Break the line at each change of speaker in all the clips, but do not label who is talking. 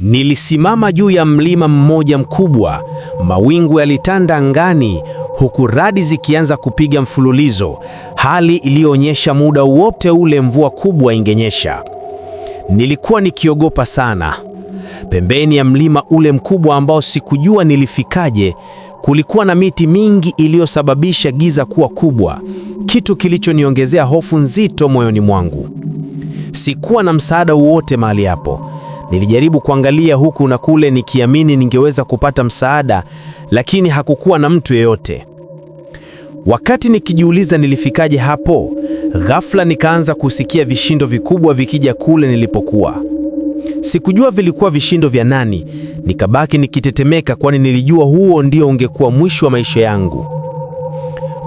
Nilisimama juu ya mlima mmoja mkubwa, mawingu yalitanda angani, huku radi zikianza kupiga mfululizo, hali iliyoonyesha muda wote ule mvua kubwa ingenyesha. Nilikuwa nikiogopa sana. Pembeni ya mlima ule mkubwa ambao sikujua nilifikaje, kulikuwa na miti mingi iliyosababisha giza kuwa kubwa, kitu kilichoniongezea hofu nzito moyoni mwangu. Sikuwa na msaada wowote mahali hapo. Nilijaribu kuangalia huku na kule, nikiamini ningeweza kupata msaada, lakini hakukuwa na mtu yeyote. Wakati nikijiuliza nilifikaje hapo, ghafla nikaanza kusikia vishindo vikubwa vikija kule nilipokuwa. Sikujua vilikuwa vishindo vya nani, nikabaki nikitetemeka, kwani nilijua huo ndio ungekuwa mwisho wa maisha yangu.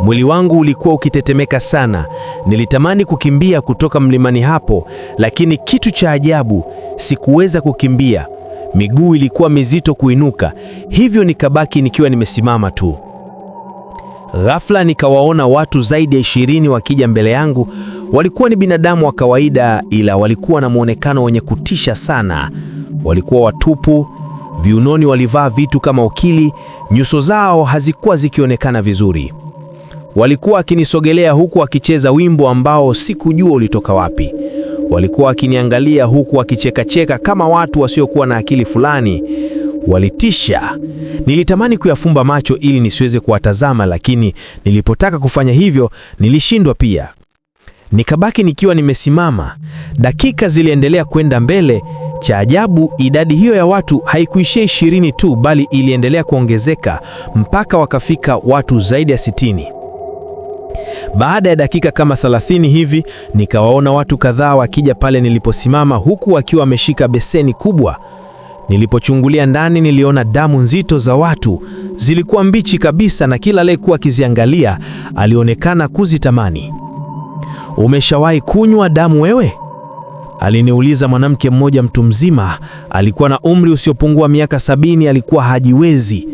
Mwili wangu ulikuwa ukitetemeka sana. Nilitamani kukimbia kutoka mlimani hapo, lakini kitu cha ajabu, sikuweza kukimbia. Miguu ilikuwa mizito kuinuka, hivyo nikabaki nikiwa nimesimama tu. Ghafla nikawaona watu zaidi ya ishirini wakija mbele yangu. Walikuwa ni binadamu wa kawaida, ila walikuwa na mwonekano wenye kutisha sana. Walikuwa watupu, viunoni walivaa vitu kama ukili, nyuso zao hazikuwa zikionekana vizuri. Walikuwa wakinisogelea huku wakicheza wimbo ambao sikujua ulitoka wapi. Walikuwa wakiniangalia huku wakichekacheka kama watu wasiokuwa na akili fulani. Walitisha. Nilitamani kuyafumba macho ili nisiweze kuwatazama, lakini nilipotaka kufanya hivyo nilishindwa pia. Nikabaki nikiwa nimesimama. Dakika ziliendelea kwenda mbele. Cha ajabu, idadi hiyo ya watu haikuishia ishirini tu, bali iliendelea kuongezeka mpaka wakafika watu zaidi ya sitini. Baada ya dakika kama 30 hivi nikawaona watu kadhaa wakija pale niliposimama, huku wakiwa wameshika beseni kubwa. Nilipochungulia ndani, niliona damu nzito za watu, zilikuwa mbichi kabisa, na kila aliyekuwa akiziangalia alionekana kuzitamani. Umeshawahi kunywa damu wewe? Aliniuliza mwanamke mmoja, mtu mzima, alikuwa na umri usiopungua miaka sabini, alikuwa hajiwezi,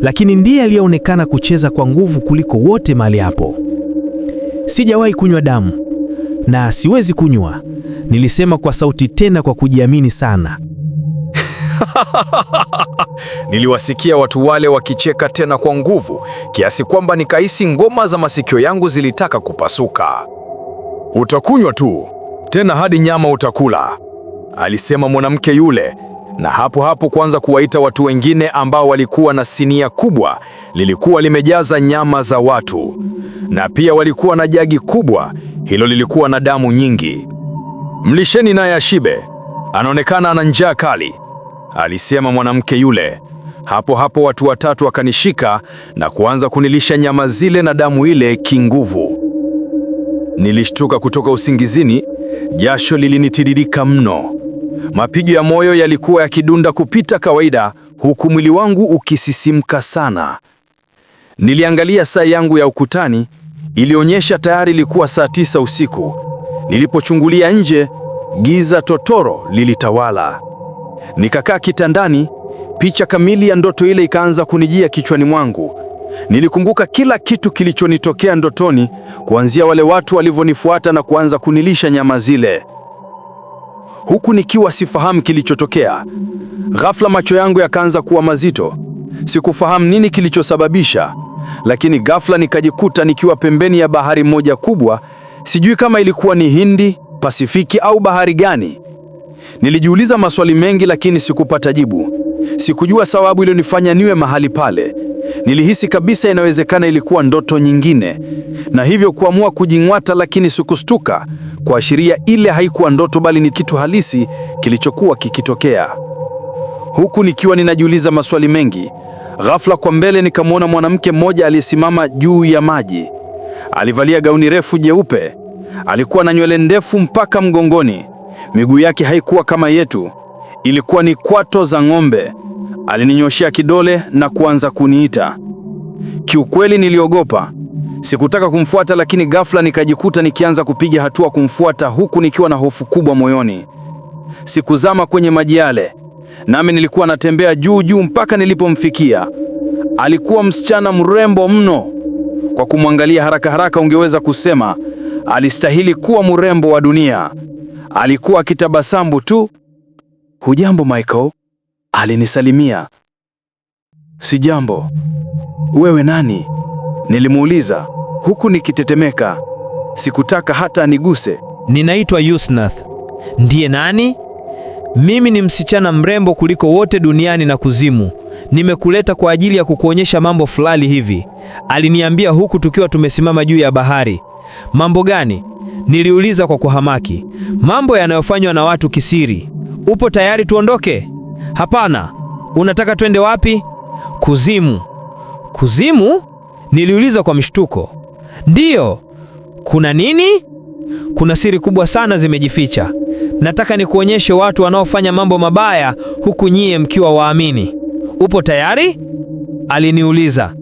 lakini ndiye aliyeonekana kucheza kwa nguvu kuliko wote mahali hapo. Sijawahi kunywa damu na siwezi kunywa, nilisema kwa sauti tena kwa kujiamini sana. Niliwasikia watu wale wakicheka tena kwa nguvu kiasi kwamba nikahisi ngoma za masikio yangu zilitaka kupasuka. Utakunywa tu tena hadi nyama utakula, alisema mwanamke yule na hapo hapo kuanza kuwaita watu wengine ambao walikuwa na sinia kubwa lilikuwa limejaza nyama za watu, na pia walikuwa na jagi kubwa, hilo lilikuwa na damu nyingi. Mlisheni naye ashibe, anaonekana ana njaa kali, alisema mwanamke yule. Hapo hapo watu watatu wakanishika na kuanza kunilisha nyama zile na damu ile kinguvu. Nilishtuka kutoka usingizini, jasho lilinitiririka mno. Mapigo ya moyo yalikuwa yakidunda kupita kawaida, huku mwili wangu ukisisimka sana. Niliangalia saa yangu ya ukutani, ilionyesha tayari ilikuwa saa tisa usiku. Nilipochungulia nje, giza totoro lilitawala. Nikakaa kitandani, picha kamili ya ndoto ile ikaanza kunijia kichwani mwangu. Nilikumbuka kila kitu kilichonitokea ndotoni, kuanzia wale watu walivyonifuata na kuanza kunilisha nyama zile huku nikiwa sifahamu kilichotokea. Ghafla macho yangu yakaanza kuwa mazito, sikufahamu nini kilichosababisha, lakini ghafla nikajikuta nikiwa pembeni ya bahari moja kubwa. Sijui kama ilikuwa ni Hindi, Pasifiki au bahari gani. Nilijiuliza maswali mengi, lakini sikupata jibu. Sikujua sababu iliyonifanya niwe mahali pale. Nilihisi kabisa inawezekana ilikuwa ndoto nyingine, na hivyo kuamua kujing'wata, lakini sikustuka kuashiria ile haikuwa ndoto, bali ni kitu halisi kilichokuwa kikitokea. Huku nikiwa ninajiuliza maswali mengi, ghafla kwa mbele nikamwona mwanamke mmoja aliyesimama juu ya maji. Alivalia gauni refu jeupe, alikuwa na nywele ndefu mpaka mgongoni. Miguu yake haikuwa kama yetu, Ilikuwa ni kwato za ng'ombe. Alininyoshea kidole na kuanza kuniita. Kiukweli niliogopa, sikutaka kumfuata, lakini ghafla nikajikuta nikianza kupiga hatua kumfuata, huku nikiwa na hofu kubwa moyoni. Sikuzama kwenye maji yale, nami nilikuwa natembea juu juu mpaka nilipomfikia. Alikuwa msichana mrembo mno. Kwa kumwangalia haraka haraka, ungeweza kusema alistahili kuwa mrembo wa dunia. Alikuwa akitabasamu tu Hujambo Michael? Alinisalimia. Sijambo. Wewe nani? Nilimuuliza huku nikitetemeka. Sikutaka hata aniguse.
Ninaitwa Yusnath. Ndiye nani? Mimi ni msichana mrembo kuliko wote duniani na kuzimu. Nimekuleta kwa ajili ya kukuonyesha mambo fulani hivi, aliniambia huku tukiwa tumesimama juu ya bahari. Mambo gani? Niliuliza kwa kuhamaki. Mambo yanayofanywa na watu kisiri upo tayari tuondoke? Hapana. Unataka twende wapi? Kuzimu. Kuzimu? Niliuliza kwa mshtuko. Ndiyo. Kuna nini? Kuna siri kubwa sana zimejificha. Nataka nikuonyeshe watu wanaofanya mambo mabaya huku nyie mkiwa waamini. Upo tayari? Aliniuliza.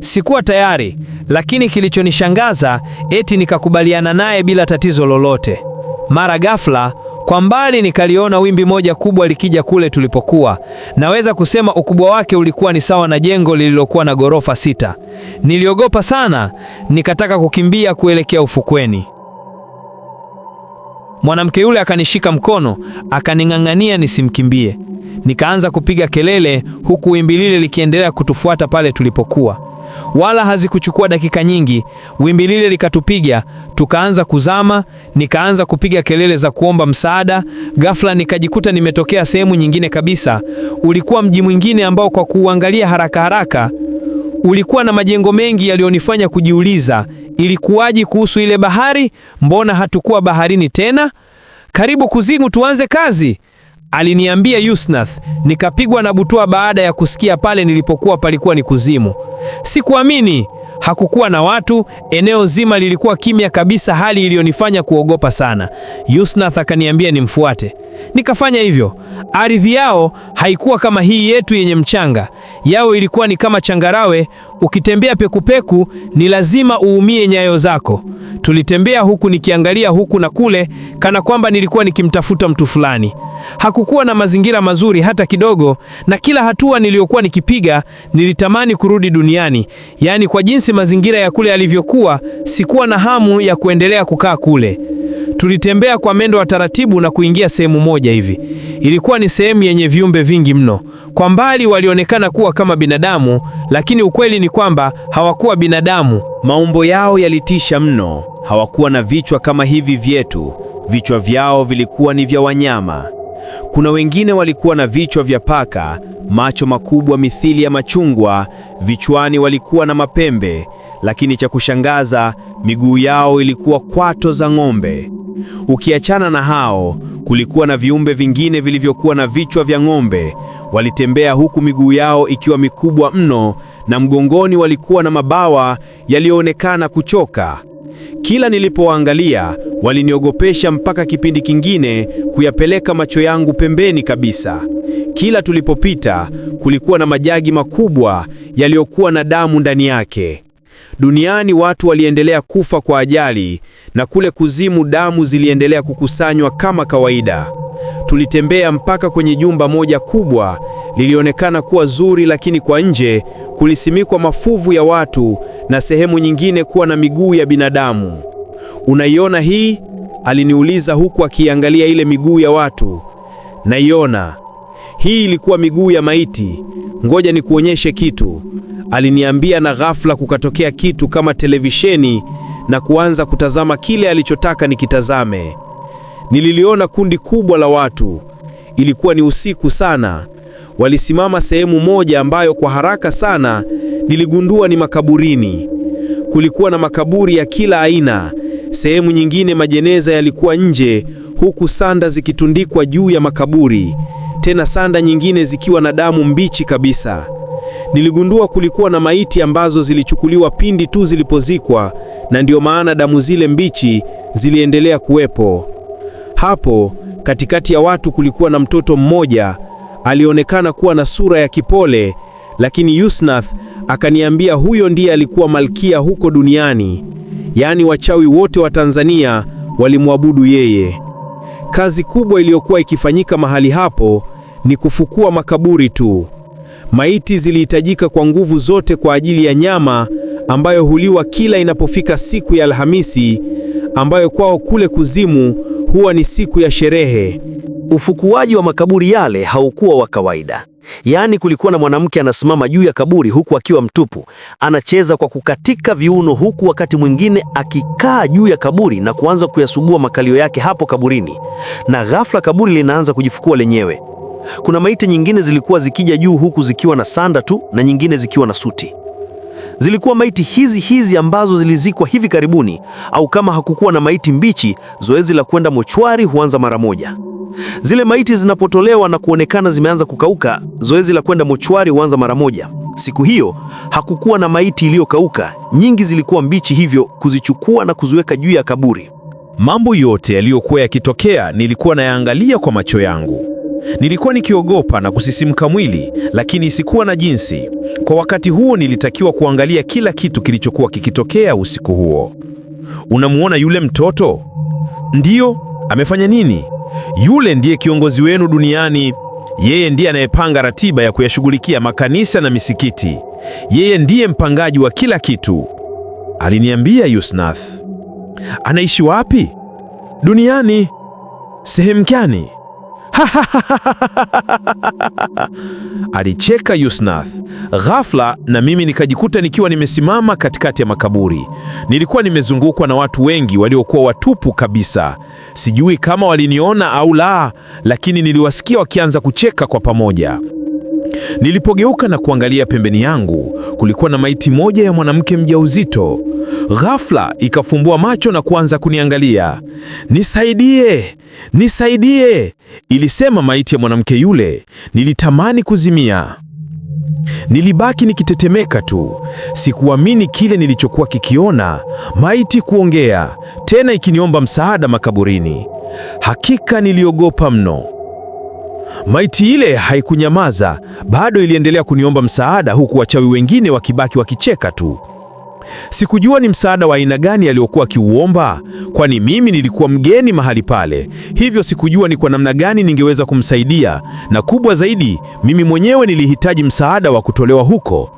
Sikuwa tayari, lakini kilichonishangaza eti nikakubaliana naye bila tatizo lolote. Mara ghafla kwa mbali nikaliona wimbi moja kubwa likija kule tulipokuwa. Naweza kusema ukubwa wake ulikuwa ni sawa na jengo lililokuwa na ghorofa sita. Niliogopa sana, nikataka kukimbia kuelekea ufukweni. Mwanamke yule akanishika mkono, akaning'ang'ania nisimkimbie. Nikaanza kupiga kelele huku wimbi lile likiendelea kutufuata pale tulipokuwa. Wala hazikuchukua dakika nyingi, wimbi lile likatupiga, tukaanza kuzama. Nikaanza kupiga kelele za kuomba msaada. Ghafla nikajikuta nimetokea sehemu nyingine kabisa. Ulikuwa mji mwingine ambao kwa kuuangalia haraka haraka ulikuwa na majengo mengi yaliyonifanya kujiuliza ilikuwaji kuhusu ile bahari? Mbona hatukuwa baharini tena? Karibu kuzimu, tuanze kazi. Aliniambia Yusnath, nikapigwa na butwa baada ya kusikia pale nilipokuwa palikuwa ni kuzimu. Sikuamini, hakukuwa na watu, eneo zima lilikuwa kimya kabisa, hali iliyonifanya kuogopa sana. Yusnath akaniambia nimfuate, nikafanya hivyo. Ardhi yao haikuwa kama hii yetu yenye mchanga, yao ilikuwa ni kama changarawe, Ukitembea pekupeku ni lazima uumie nyayo zako. Tulitembea huku nikiangalia huku na kule, kana kwamba nilikuwa nikimtafuta mtu fulani. Hakukuwa na mazingira mazuri hata kidogo, na kila hatua niliyokuwa nikipiga nilitamani kurudi duniani. Yaani, kwa jinsi mazingira ya kule yalivyokuwa, sikuwa na hamu ya kuendelea kukaa kule. Tulitembea kwa mwendo wa taratibu na kuingia sehemu moja hivi. Ilikuwa ni sehemu yenye viumbe vingi mno. Kwa mbali walionekana kuwa kama binadamu, lakini ukweli ni kwamba hawakuwa binadamu.
Maumbo yao yalitisha mno. Hawakuwa na vichwa kama hivi vyetu. Vichwa vyao vilikuwa ni vya wanyama. Kuna wengine walikuwa na vichwa vya paka, macho makubwa mithili ya machungwa, vichwani walikuwa na mapembe, lakini cha kushangaza, miguu yao ilikuwa kwato za ng'ombe. Ukiachana na hao, kulikuwa na viumbe vingine vilivyokuwa na vichwa vya ng'ombe. Walitembea huku miguu yao ikiwa mikubwa mno, na mgongoni walikuwa na mabawa yaliyoonekana kuchoka. Kila nilipowaangalia waliniogopesha, mpaka kipindi kingine kuyapeleka macho yangu pembeni kabisa. Kila tulipopita kulikuwa na majagi makubwa yaliyokuwa na damu ndani yake. Duniani watu waliendelea kufa kwa ajali na kule kuzimu damu ziliendelea kukusanywa kama kawaida. Tulitembea mpaka kwenye jumba moja kubwa, lilionekana kuwa zuri, lakini kwa nje kulisimikwa mafuvu ya watu na sehemu nyingine kuwa na miguu ya binadamu. Unaiona hii? Aliniuliza huku akiangalia ile miguu ya watu. Naiona, hii ilikuwa miguu ya maiti. Ngoja nikuonyeshe kitu, aliniambia, na ghafla kukatokea kitu kama televisheni na kuanza kutazama kile alichotaka nikitazame. Nililiona kundi kubwa la watu. Ilikuwa ni usiku sana. Walisimama sehemu moja ambayo kwa haraka sana niligundua ni makaburini. Kulikuwa na makaburi ya kila aina. Sehemu nyingine majeneza yalikuwa nje, huku sanda zikitundikwa juu ya makaburi tena sanda nyingine zikiwa na damu mbichi kabisa. Niligundua kulikuwa na maiti ambazo zilichukuliwa pindi tu zilipozikwa, na ndiyo maana damu zile mbichi ziliendelea kuwepo. Hapo katikati ya watu kulikuwa na mtoto mmoja alionekana kuwa na sura ya kipole, lakini Yusnath akaniambia huyo ndiye alikuwa malkia huko duniani, yaani wachawi wote wa Tanzania walimwabudu yeye. Kazi kubwa iliyokuwa ikifanyika mahali hapo ni kufukua makaburi tu. Maiti zilihitajika kwa nguvu zote kwa ajili ya nyama ambayo huliwa kila inapofika siku ya Alhamisi, ambayo kwao kule kuzimu huwa ni siku ya sherehe.
Ufukuaji wa makaburi yale haukuwa wa kawaida. Yaani, kulikuwa na mwanamke anasimama juu ya kaburi huku akiwa mtupu, anacheza kwa kukatika viuno, huku wakati mwingine akikaa juu ya kaburi na kuanza kuyasugua makalio yake hapo kaburini, na ghafla kaburi linaanza kujifukua lenyewe. Kuna maiti nyingine zilikuwa zikija juu huku zikiwa na sanda tu na nyingine zikiwa na suti. Zilikuwa maiti hizi hizi ambazo zilizikwa hivi karibuni, au kama hakukuwa na maiti mbichi, zoezi la kwenda mochwari huanza mara moja. Zile maiti zinapotolewa na kuonekana zimeanza kukauka, zoezi la kwenda mochwari huanza mara moja. Siku hiyo hakukuwa na maiti iliyokauka, nyingi zilikuwa mbichi, hivyo kuzichukua na kuziweka juu ya kaburi.
Mambo yote yaliyokuwa yakitokea nilikuwa nayaangalia kwa macho yangu. Nilikuwa nikiogopa na kusisimka mwili, lakini sikuwa na jinsi. Kwa wakati huo nilitakiwa kuangalia kila kitu kilichokuwa kikitokea usiku huo. Unamuona yule mtoto? Ndiyo, amefanya nini? Yule ndiye kiongozi wenu duniani. Yeye ndiye anayepanga ratiba ya kuyashughulikia makanisa na misikiti. Yeye ndiye mpangaji wa kila kitu, aliniambia Yusnath. Anaishi wapi? Duniani. Sehemu gani? alicheka Yusnath. Ghafla na mimi nikajikuta nikiwa nimesimama katikati ya makaburi. Nilikuwa nimezungukwa na watu wengi waliokuwa watupu kabisa. Sijui kama waliniona au la, lakini niliwasikia wakianza kucheka kwa pamoja. Nilipogeuka na kuangalia pembeni yangu, kulikuwa na maiti moja ya mwanamke mjauzito. Ghafla ikafumbua macho na kuanza kuniangalia. Nisaidie, nisaidie, ilisema maiti ya mwanamke yule. Nilitamani kuzimia. Nilibaki nikitetemeka tu, sikuamini kile nilichokuwa kikiona, maiti kuongea tena ikiniomba msaada makaburini. Hakika niliogopa mno. Maiti ile haikunyamaza, bado iliendelea kuniomba msaada, huku wachawi wengine wakibaki wakicheka tu. Sikujua ni msaada wa aina gani aliokuwa akiuomba, kwani mimi nilikuwa mgeni mahali pale, hivyo sikujua ni kwa namna gani ningeweza kumsaidia, na kubwa zaidi, mimi mwenyewe nilihitaji msaada wa kutolewa huko.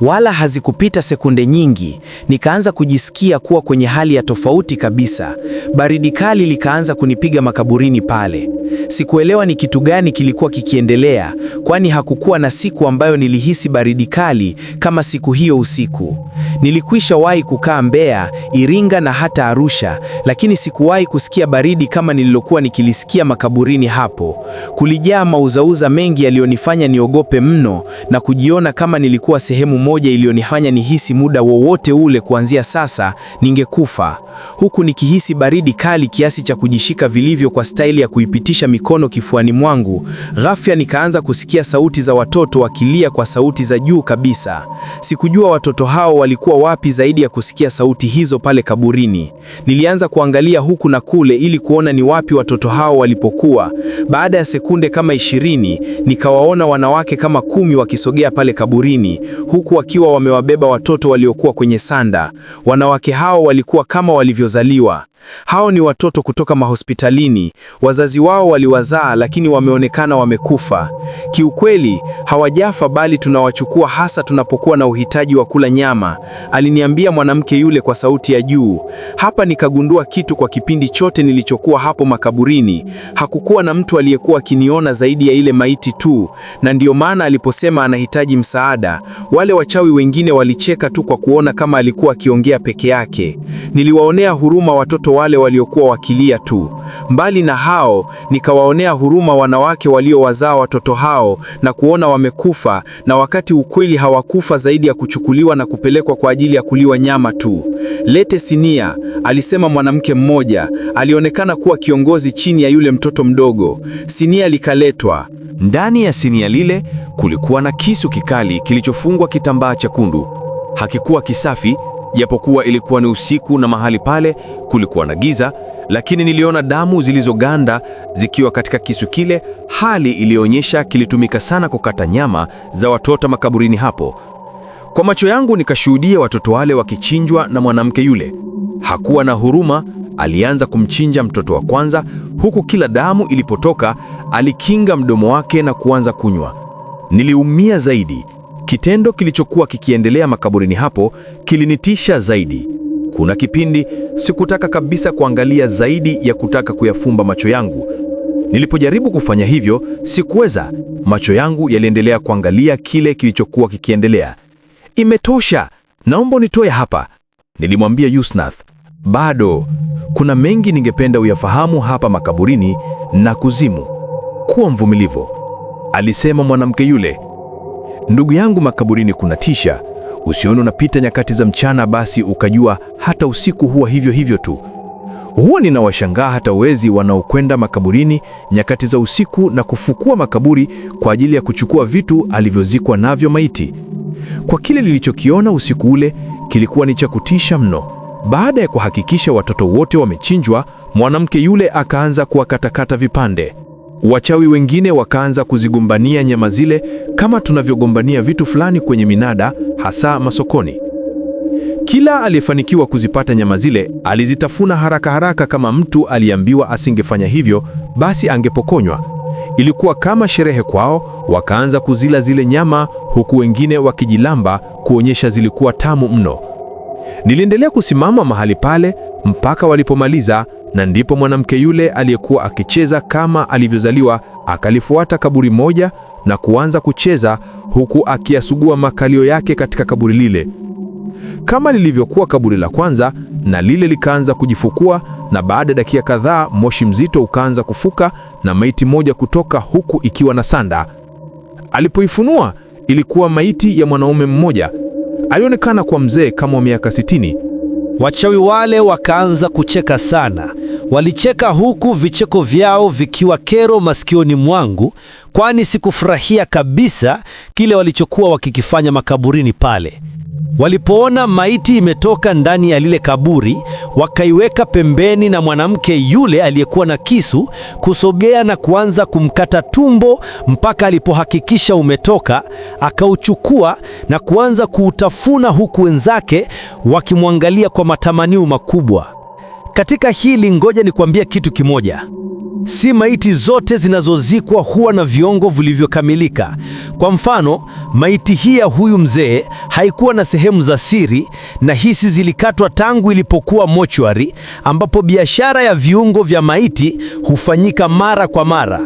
Wala hazikupita sekunde nyingi, nikaanza kujisikia kuwa kwenye hali ya tofauti kabisa. Baridi kali likaanza kunipiga makaburini pale. Sikuelewa ni kitu gani kilikuwa kikiendelea, kwani hakukuwa na siku ambayo nilihisi baridi kali kama siku hiyo usiku. Nilikwisha wahi kukaa Mbeya, Iringa na hata Arusha, lakini sikuwahi kusikia baridi kama nililokuwa nikilisikia makaburini hapo. Kulijaa mauzauza mengi yaliyonifanya niogope mno na kujiona kama nilikuwa sehemu moja iliyonifanya nihisi muda wowote ule kuanzia sasa ningekufa, huku nikihisi baridi kali kiasi cha kujishika vilivyo kwa staili ya kuipitisha kuunganisha mikono kifuani mwangu, ghafya nikaanza kusikia sauti za watoto wakilia kwa sauti za juu kabisa. Sikujua watoto hao walikuwa wapi zaidi ya kusikia sauti hizo pale kaburini. Nilianza kuangalia huku na kule ili kuona ni wapi watoto hao walipokuwa. Baada ya sekunde kama ishirini, nikawaona wanawake kama kumi wakisogea pale kaburini, huku wakiwa wamewabeba watoto waliokuwa kwenye sanda. Wanawake hao walikuwa kama walivyozaliwa. Hao ni watoto kutoka mahospitalini. Wazazi wao waliwazaa lakini wameonekana wamekufa. Kiukweli hawajafa, bali tunawachukua hasa tunapokuwa na uhitaji wa kula nyama, aliniambia mwanamke yule kwa sauti ya juu. Hapa nikagundua kitu. Kwa kipindi chote nilichokuwa hapo makaburini, hakukuwa na mtu aliyekuwa akiniona zaidi ya ile maiti tu, na ndiyo maana aliposema anahitaji msaada, wale wachawi wengine walicheka tu kwa kuona kama alikuwa akiongea peke yake. Niliwaonea huruma watoto wale waliokuwa wakilia tu. Mbali na hao nikawaonea huruma wanawake waliowazaa watoto hao na kuona wamekufa, na wakati ukweli hawakufa zaidi ya kuchukuliwa na kupelekwa kwa ajili ya kuliwa nyama tu. Lete sinia, alisema mwanamke mmoja, alionekana kuwa kiongozi chini ya yule mtoto mdogo. Sinia likaletwa.
Ndani ya sinia lile kulikuwa na kisu kikali kilichofungwa kitambaa chekundu. Hakikuwa kisafi Japokuwa ilikuwa ni usiku na mahali pale kulikuwa na giza, lakini niliona damu zilizoganda zikiwa katika kisu kile, hali iliyoonyesha kilitumika sana kukata nyama za watoto makaburini hapo. Kwa macho yangu nikashuhudia watoto wale wakichinjwa na mwanamke yule. Hakuwa na huruma, alianza kumchinja mtoto wa kwanza, huku kila damu ilipotoka alikinga mdomo wake na kuanza kunywa. Niliumia zaidi Kitendo kilichokuwa kikiendelea makaburini hapo kilinitisha zaidi. Kuna kipindi sikutaka kabisa kuangalia zaidi ya kutaka kuyafumba macho yangu. Nilipojaribu kufanya hivyo, sikuweza. Macho yangu yaliendelea kuangalia kile kilichokuwa kikiendelea. Imetosha, naomba nitoe hapa, nilimwambia Yusnath. Bado kuna mengi ningependa uyafahamu hapa makaburini na kuzimu. Kuwa mvumilivu, alisema mwanamke yule. Ndugu yangu, makaburini kuna tisha Usione unapita nyakati za mchana basi ukajua hata usiku huwa hivyo hivyo tu. Huwa ninawashangaa hata wezi wanaokwenda makaburini nyakati za usiku na kufukua makaburi kwa ajili ya kuchukua vitu alivyozikwa navyo maiti. Kwa kile lilichokiona usiku ule kilikuwa ni cha kutisha mno. Baada ya kuhakikisha watoto wote wamechinjwa, mwanamke yule akaanza kuwakatakata vipande. Wachawi wengine wakaanza kuzigombania nyama zile kama tunavyogombania vitu fulani kwenye minada, hasa masokoni. Kila aliyefanikiwa kuzipata nyama zile alizitafuna haraka haraka, kama mtu aliambiwa asingefanya hivyo basi angepokonywa. Ilikuwa kama sherehe kwao, wakaanza kuzila zile nyama, huku wengine wakijilamba kuonyesha zilikuwa tamu mno. Niliendelea kusimama mahali pale mpaka walipomaliza, na ndipo mwanamke yule aliyekuwa akicheza kama alivyozaliwa akalifuata kaburi moja na kuanza kucheza huku akiyasugua makalio yake katika kaburi lile, kama lilivyokuwa kaburi la kwanza, na lile likaanza kujifukua, na baada ya dakika kadhaa moshi mzito ukaanza kufuka na maiti moja kutoka huku ikiwa na sanda. Alipoifunua ilikuwa maiti ya mwanaume mmoja Alionekana kwa mzee kama wa miaka sitini.
Wachawi wale wakaanza kucheka sana. Walicheka huku vicheko vyao vikiwa kero masikioni mwangu, kwani sikufurahia kabisa kile walichokuwa wakikifanya makaburini pale. Walipoona maiti imetoka ndani ya lile kaburi, wakaiweka pembeni na mwanamke yule aliyekuwa na kisu kusogea na kuanza kumkata tumbo mpaka alipohakikisha umetoka, akauchukua na kuanza kuutafuna huku wenzake wakimwangalia kwa matamanio makubwa. Katika hili ngoja nikwambie kitu kimoja. Si maiti zote zinazozikwa huwa na viungo vilivyokamilika. Kwa mfano, maiti hii ya huyu mzee haikuwa na sehemu za siri na hisi zilikatwa tangu ilipokuwa mochwari, ambapo biashara ya viungo vya maiti hufanyika mara kwa mara.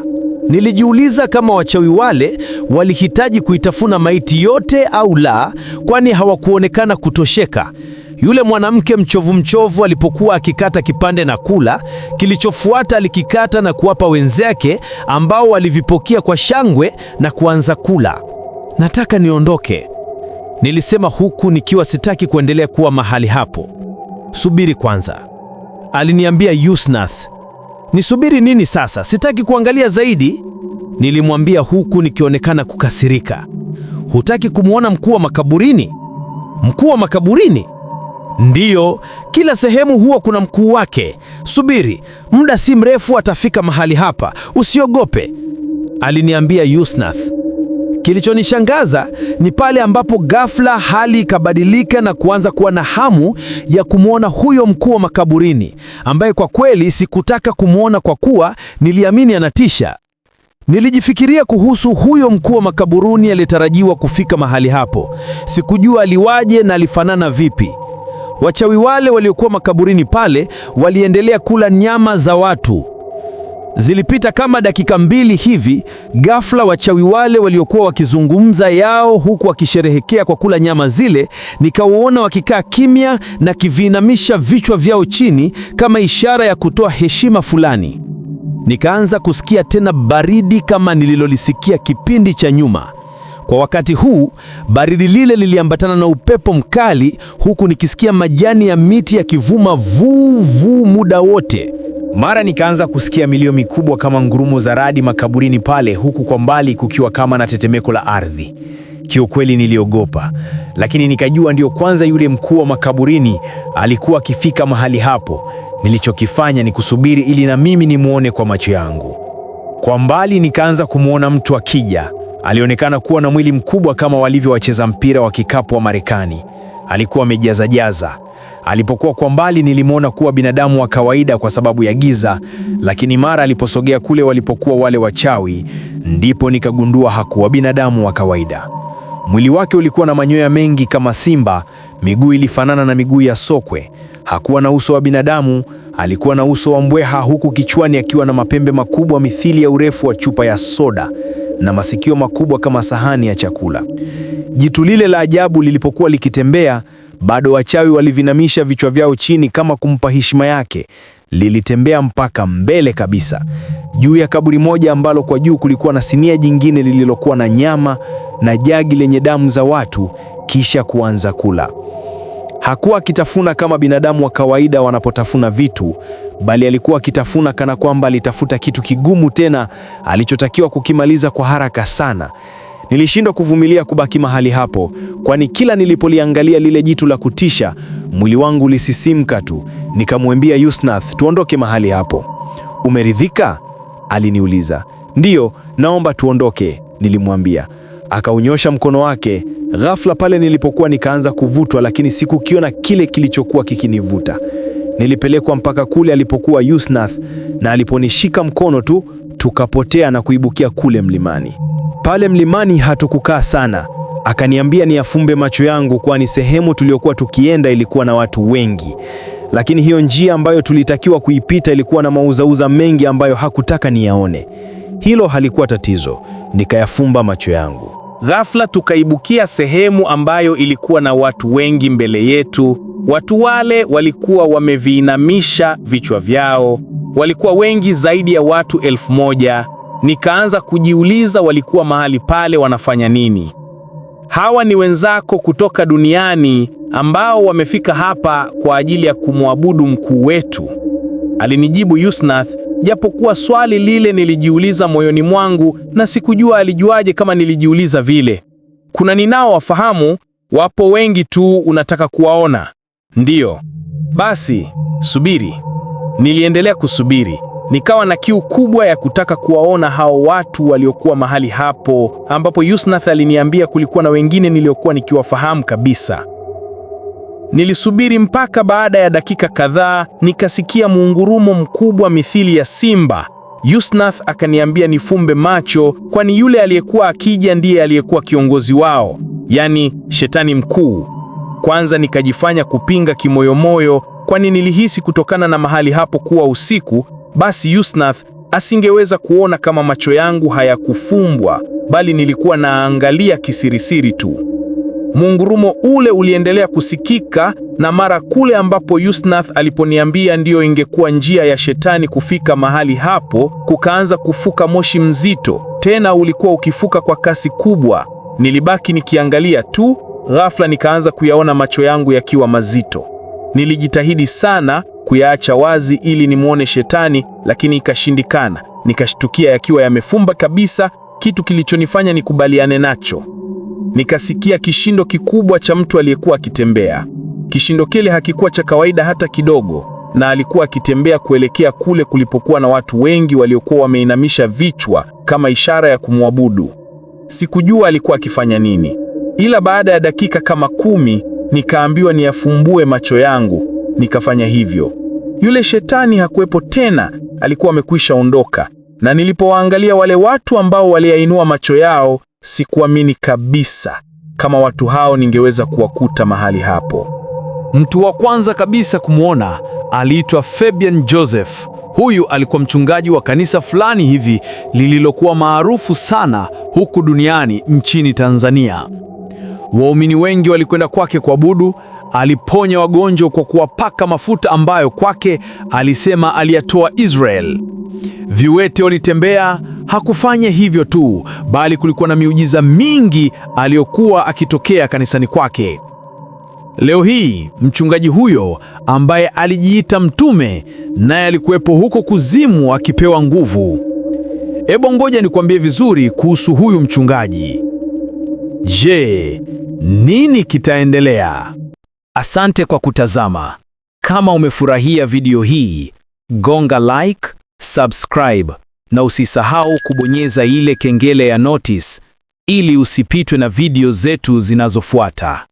Nilijiuliza kama wachawi wale walihitaji kuitafuna maiti yote au la, kwani hawakuonekana kutosheka. Yule mwanamke mchovu mchovu alipokuwa akikata kipande na kula, kilichofuata alikikata na kuwapa wenzake ambao walivipokea kwa shangwe na kuanza kula. Nataka niondoke, nilisema huku nikiwa sitaki kuendelea kuwa mahali hapo. Subiri kwanza, aliniambia Yusnath Nisubiri nini sasa? Sitaki kuangalia zaidi, nilimwambia huku nikionekana kukasirika. Hutaki kumwona mkuu wa makaburini? Mkuu wa makaburini? Ndiyo, kila sehemu huwa kuna mkuu wake. Subiri, muda si mrefu atafika mahali hapa, usiogope, aliniambia Yusnath. Kilichonishangaza ni pale ambapo ghafla hali ikabadilika na kuanza kuwa na hamu ya kumwona huyo mkuu wa makaburini ambaye kwa kweli sikutaka kumwona kwa kuwa niliamini anatisha. Nilijifikiria kuhusu huyo mkuu wa makaburuni aliyetarajiwa kufika mahali hapo. Sikujua aliwaje na alifanana vipi. Wachawi wale waliokuwa makaburini pale waliendelea kula nyama za watu. Zilipita kama dakika mbili hivi, ghafla wachawi wale waliokuwa wakizungumza yao huku wakisherehekea kwa kula nyama zile, nikauona wakikaa kimya na kiviinamisha vichwa vyao chini kama ishara ya kutoa heshima fulani. Nikaanza kusikia tena baridi kama nililolisikia kipindi cha nyuma, kwa wakati huu baridi lile liliambatana na upepo mkali, huku nikisikia majani ya miti yakivuma vuu vuu muda wote.
Mara nikaanza kusikia milio mikubwa kama ngurumo za radi makaburini pale, huku kwa mbali kukiwa kama na tetemeko la ardhi. Kiukweli niliogopa, lakini nikajua ndiyo kwanza yule mkuu wa makaburini alikuwa akifika mahali hapo. Nilichokifanya ni kusubiri ili na mimi nimwone kwa macho yangu. Kwa mbali nikaanza kumwona mtu akija Alionekana kuwa na mwili mkubwa kama walivyo wacheza mpira wa kikapu wa Marekani. Alikuwa amejazajaza. Alipokuwa kwa mbali nilimwona kuwa binadamu wa kawaida kwa sababu ya giza, lakini mara aliposogea kule walipokuwa wale wachawi, ndipo nikagundua hakuwa binadamu wa kawaida. Mwili wake ulikuwa na manyoya mengi kama simba, miguu ilifanana na miguu ya sokwe. Hakuwa na uso wa binadamu, alikuwa na uso wa mbweha, huku kichwani akiwa na mapembe makubwa mithili ya urefu wa chupa ya soda na masikio makubwa kama sahani ya chakula. Jitu lile la ajabu lilipokuwa likitembea, bado wachawi walivinamisha vichwa vyao chini kama kumpa heshima yake. Lilitembea mpaka mbele kabisa juu ya kaburi moja ambalo kwa juu kulikuwa na sinia jingine lililokuwa na nyama na jagi lenye damu za watu, kisha kuanza kula. Hakuwa akitafuna kama binadamu wa kawaida wanapotafuna vitu, bali alikuwa akitafuna kana kwamba alitafuta kitu kigumu tena alichotakiwa kukimaliza kwa haraka sana. Nilishindwa kuvumilia kubaki mahali hapo, kwani kila nilipoliangalia lile jitu la kutisha, mwili wangu ulisisimka tu. Nikamwambia Yusnath, tuondoke mahali hapo. Umeridhika? aliniuliza. Ndiyo, naomba tuondoke, nilimwambia. Akaunyosha mkono wake. Ghafla pale nilipokuwa nikaanza kuvutwa, lakini sikukiona kile kilichokuwa kikinivuta. Nilipelekwa mpaka kule alipokuwa Yusnath, na aliponishika mkono tu tukapotea na kuibukia kule mlimani. Pale mlimani hatukukaa sana, akaniambia niyafumbe macho yangu, kwani sehemu tuliyokuwa tukienda ilikuwa na watu wengi, lakini hiyo njia ambayo tulitakiwa kuipita ilikuwa na mauzauza mengi ambayo hakutaka niyaone. Hilo halikuwa tatizo, nikayafumba macho yangu
ghafla tukaibukia sehemu ambayo ilikuwa na watu wengi mbele yetu. Watu wale walikuwa wameviinamisha vichwa vyao, walikuwa wengi zaidi ya watu elfu moja. Nikaanza kujiuliza walikuwa mahali pale wanafanya nini? Hawa ni wenzako kutoka duniani ambao wamefika hapa kwa ajili ya kumwabudu mkuu wetu, alinijibu Yusnath japokuwa swali lile nilijiuliza moyoni mwangu na sikujua alijuaje kama nilijiuliza vile. Kuna ninao wafahamu, wapo wengi tu, unataka kuwaona. Ndiyo. Basi subiri. Niliendelea kusubiri. Nikawa na kiu kubwa ya kutaka kuwaona hao watu waliokuwa mahali hapo ambapo Yusnath aliniambia kulikuwa na wengine niliokuwa nikiwafahamu kabisa. Nilisubiri mpaka baada ya dakika kadhaa nikasikia muungurumo mkubwa mithili ya simba. Yusnath akaniambia nifumbe macho, kwani yule aliyekuwa akija ndiye aliyekuwa kiongozi wao, yaani shetani mkuu. Kwanza nikajifanya kupinga kimoyomoyo, kwani nilihisi kutokana na mahali hapo kuwa usiku, basi Yusnath asingeweza kuona kama macho yangu hayakufumbwa, bali nilikuwa naangalia kisirisiri tu. Mungurumo ule uliendelea kusikika, na mara kule ambapo Yusnath aliponiambia ndiyo ingekuwa njia ya shetani kufika mahali hapo, kukaanza kufuka moshi mzito, tena ulikuwa ukifuka kwa kasi kubwa. Nilibaki nikiangalia tu, ghafla nikaanza kuyaona macho yangu yakiwa mazito. Nilijitahidi sana kuyaacha wazi ili nimwone shetani, lakini ikashindikana. Nikashtukia yakiwa yamefumba kabisa, kitu kilichonifanya nikubaliane nacho. Nikasikia kishindo kikubwa cha mtu aliyekuwa akitembea. Kishindo kile hakikuwa cha kawaida hata kidogo, na alikuwa akitembea kuelekea kule kulipokuwa na watu wengi waliokuwa wameinamisha vichwa kama ishara ya kumwabudu. Sikujua alikuwa akifanya nini, ila baada ya dakika kama kumi nikaambiwa niyafumbue macho yangu. Nikafanya hivyo. Yule shetani hakuwepo tena, alikuwa amekwisha ondoka, na nilipowaangalia wale watu ambao waliyainua macho yao Sikuamini kabisa kama watu hao ningeweza kuwakuta mahali hapo.
Mtu wa kwanza kabisa kumwona aliitwa Fabian Joseph. Huyu alikuwa mchungaji wa kanisa fulani hivi lililokuwa maarufu sana huku duniani nchini Tanzania. Waumini wengi walikwenda kwake kuabudu. Aliponya wagonjwa kwa kuwapaka mafuta ambayo kwake alisema aliyatoa Israel. Viwete walitembea. Hakufanya hivyo tu, bali kulikuwa na miujiza mingi aliyokuwa akitokea kanisani kwake. Leo hii mchungaji huyo ambaye alijiita mtume naye alikuwepo huko kuzimu akipewa nguvu. Ebo, ngoja nikwambie vizuri kuhusu huyu mchungaji. Je, nini kitaendelea? Asante kwa kutazama. Kama umefurahia video hii, gonga like subscribe na usisahau kubonyeza ile kengele ya notice ili usipitwe na video zetu zinazofuata.